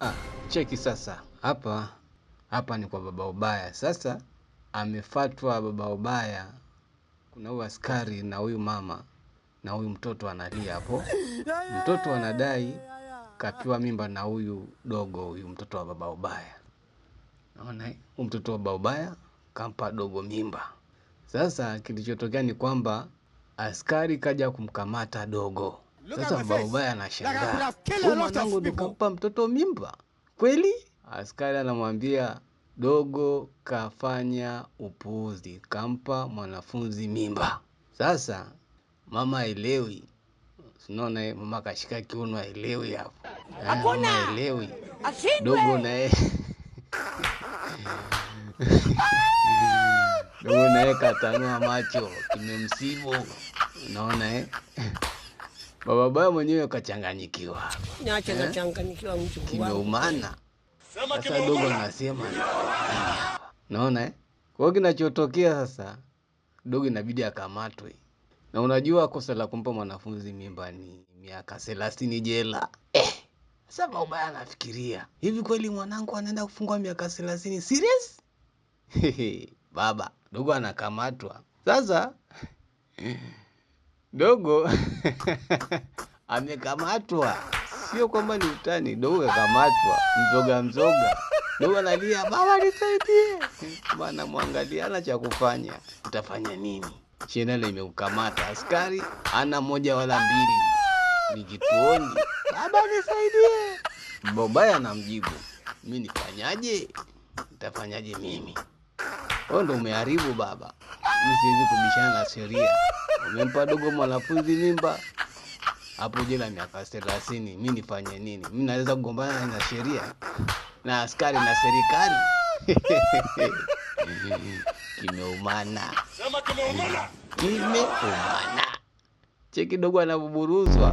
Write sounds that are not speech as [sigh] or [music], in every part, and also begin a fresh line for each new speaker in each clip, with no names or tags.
Ah, cheki sasa hapa hapa ni kwa baba ubaya sasa. Amefatwa baba ubaya, kuna huyu askari na huyu mama na huyu mtoto analia hapo. Mtoto anadai kapiwa mimba na huyu dogo, huyu mtoto wa baba ubaya. Naona huyu mtoto wa baba ubaya kampa dogo mimba. Sasa kilichotokea ni kwamba askari kaja kumkamata dogo sasa babaye anashangaa, huyu mwanangu nikampa mtoto mimba kweli? Askari anamwambia dogo kafanya upuuzi, kampa mwanafunzi mimba. Sasa mama elewi sinaona mama kashika kiuno, aelewi hapo, eh,
hakuna
aelewi dogo naye [laughs] dogo naye katanua macho, kimemsibu, unaona eh Baba baba mwenyewe kachanganyikiwa.
Niache kachanganyikiwa eh? mtu wangu.
Kimeumana. Sasa dogo anasema naona eh? Kwa hiyo kinachotokea sasa dogo inabidi akamatwe. Na unajua kosa la kumpa mwanafunzi mimba ni miaka thelathini jela. Eh. Sasa baba anafikiria, hivi kweli mwanangu anaenda kufungwa miaka thelathini serious? [laughs] Baba, dogo anakamatwa. Sasa Dogo [laughs] amekamatwa, sio kwamba ni utani. Dogo kakamatwa, mzoga mzoga. Dogo analia, baba nisaidie. Bana mwangalia, ana cha kufanya, utafanya nini? Chenele imeukamata askari, ana moja wala mbili, ni kituoni. Baba nisaidie. Mbobaya anamjibu, mi nifanyaje? ntafanyaje mimi? Wewe ndo umeharibu baba, mi siwezi kubishana na sheria. Umempa dogo mwanafunzi mimba hapo jela miaka thelathini. Mi nifanye nini? Mi naweza kugombana na sheria na askari na serikali? [laughs] Kimeumana, kimeumana. Che kidogo anavuburuzwa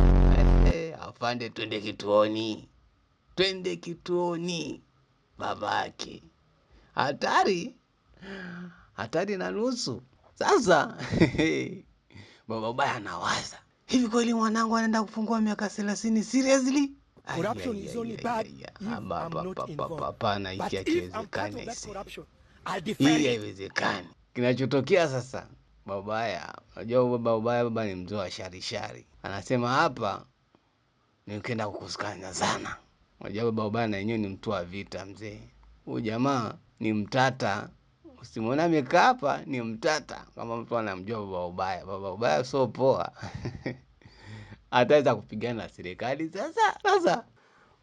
eh, afande, twende kituoni, twende kituoni. Babake hatari hatari na nusu sasa [laughs] Baba baya anawaza hivi, kweli mwanangu anaenda kufungua miaka thelathini? Seriously? Hapana, hiki hakiwezekani, hii haiwezekani. Kinachotokea sasa, babaya, unajua babaya, baba ni mzee wa sharishari, anasema hapa nikienda kukuskanya sana. Unajua babaya na yenyewe ni mtu wa vita mzee, huyu jamaa ni mtata. Ukisimuona amekaa hapa ni mtata, kama mtu anamjua baba ubaya. Baba ubaya sio poa [laughs] ataweza kupigana na serikali. Sasa sasa,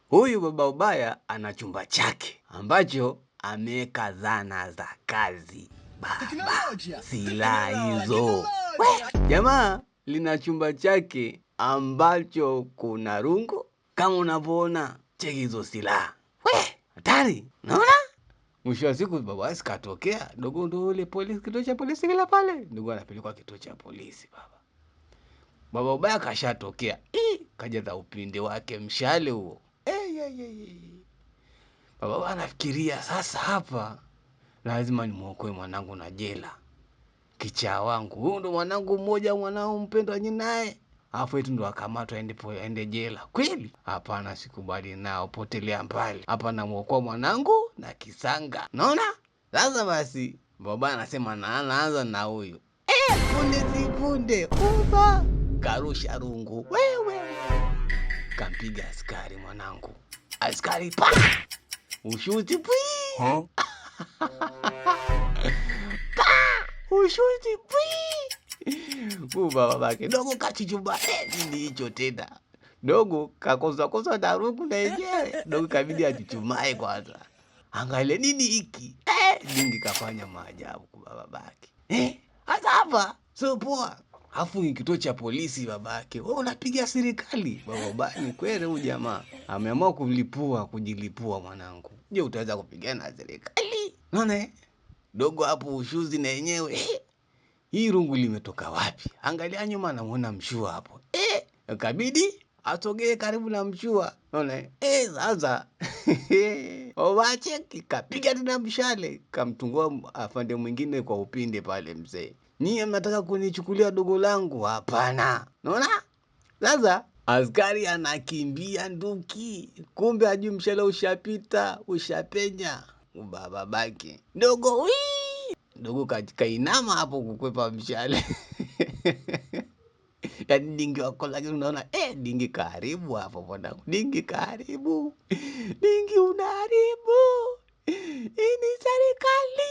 huyu baba ubaya ana chumba chake ambacho ameweka zana za kazi, baba silaha hizo. Jamaa lina chumba chake ambacho kuna rungu kama unavyoona, cheki hizo silaha, hatari, naona Mwisho wa siku babawasi katokea dogo ndo ule polisi, kituo cha polisi kila pale, ndugu anapelekwa kituo cha polisi baba. Baba ubaya kashatokea, kaja dha upinde wake mshale huo. Eh, baba anafikiria sasa, hapa lazima mwokoe mwanangu na jela, kichaa wangu huyu ndo mwanangu mmoja, mwanao mpendwa naye afu eti ndo akamatwa aende jela? Kweli hapana, sikubali nao, potelea mbali. Hapa namwokoa mwanangu na kisanga, naona sasa. Basi baba anasema naanza na huyu e, punde sipunde uba karusha rungu wewe, kampiga askari mwanangu, askari pa ushuti pwi huh? [laughs] ushuti pwi Baba babake dogo kachuchuba nini hicho tena? Dogo kakosa kosa taruku na yeye. Dogo kabidi achuchumae kwanza. Angaile nini hiki? Eh, Dingi kafanya maajabu kwa babake. Eh, hata hapa sio poa. Afu ni kituo cha polisi babake. Wewe unapiga serikali. baba, ni kweli huyu jamaa ameamua kulipua kujilipua mwanangu. Je, utaweza kupigana na serikali? Naona eh? dogo hapo ushuzi na yenyewe. Eh, hii rungu limetoka wapi? Angalia nyuma, namuona mshua hapo eh, kabidi asogee karibu na mshua, naona eh, sasa [laughs] owache kikapiga tena mshale, kamtungua afande mwingine kwa upinde pale. Mzee, nie mnataka kunichukulia dogo langu? Hapana. Naona sasa askari anakimbia nduki, kumbe ajui mshale ushapita, ushapenya, ubababake dogo wii dogo kainama hapo kukwepa mshale [laughs] yaani dingi wako, lakini unaona eh, dingi karibu hapo mwanangu, dingi karibu, dingi unaharibu. Hii ni serikali,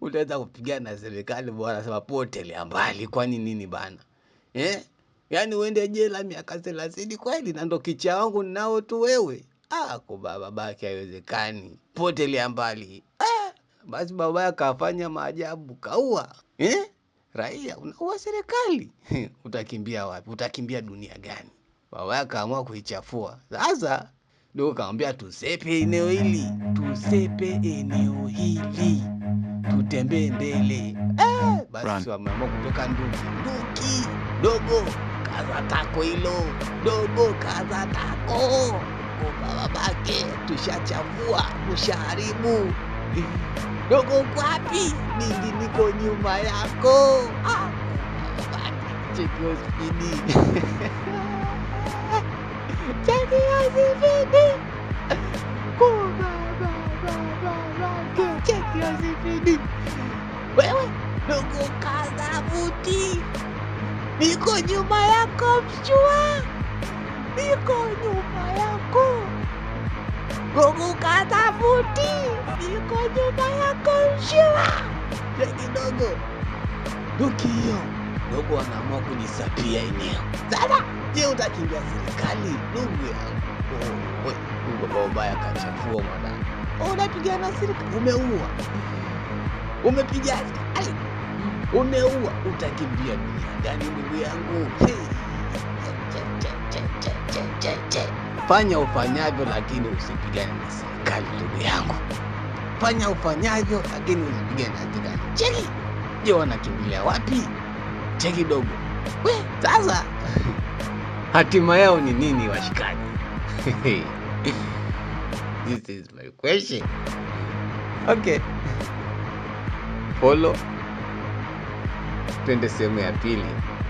utaweza kupigana na serikali bwana, sema potelea mbali. Kwani nini bana eh? Yaani uende jela miaka thelathini kweli? Na ndo kicha wangu ninao tu wewe ako ah, baba baki, haiwezekani. Potelea mbali ah! Basi babaya kafanya maajabu, kaua eh, raia, unaua serikali [laughs] utakimbia wapi? Utakimbia dunia gani? Babaya kaamua kuichafua sasa. Ndio kaambia tusepe eneo hili, tusepe eneo hili, tutembee mbele eh. Basi wameamua kutoka nduki nduki, dogo kaza tako hilo, dogo kaza tako, bake tushachafua, tushaharibu Dogo uko wapi? Nindi niko nyuma yako. Ah. Cheki spidi. Cheki spidi. Kuma baba baba. Cheki spidi. Wewe dogo kaza buti. Niko nyuma yako mshua. Niko nyuma yako. Gogo kaza buti nyumba yako njiwa redi dogo duki hiyo dogo wanaamua kunisapia eneo sasa je utakimbia serikali ndugu yangu oh, baba ubaya kachafua mwanangu oh, unapigana serikali umeua umepiga askari umeua utakimbia dunia gani ndugu yangu fanya ufanyavyo lakini usipigane na serikali ndugu yangu Fanya ufanyavyo, lakini unapiga na Cheki je, wanakimbilia wapi? Cheki dogo, we sasa hatima yao ni nini, washikaji? [laughs] This is my question. Okay, polo, twende sehemu ya pili.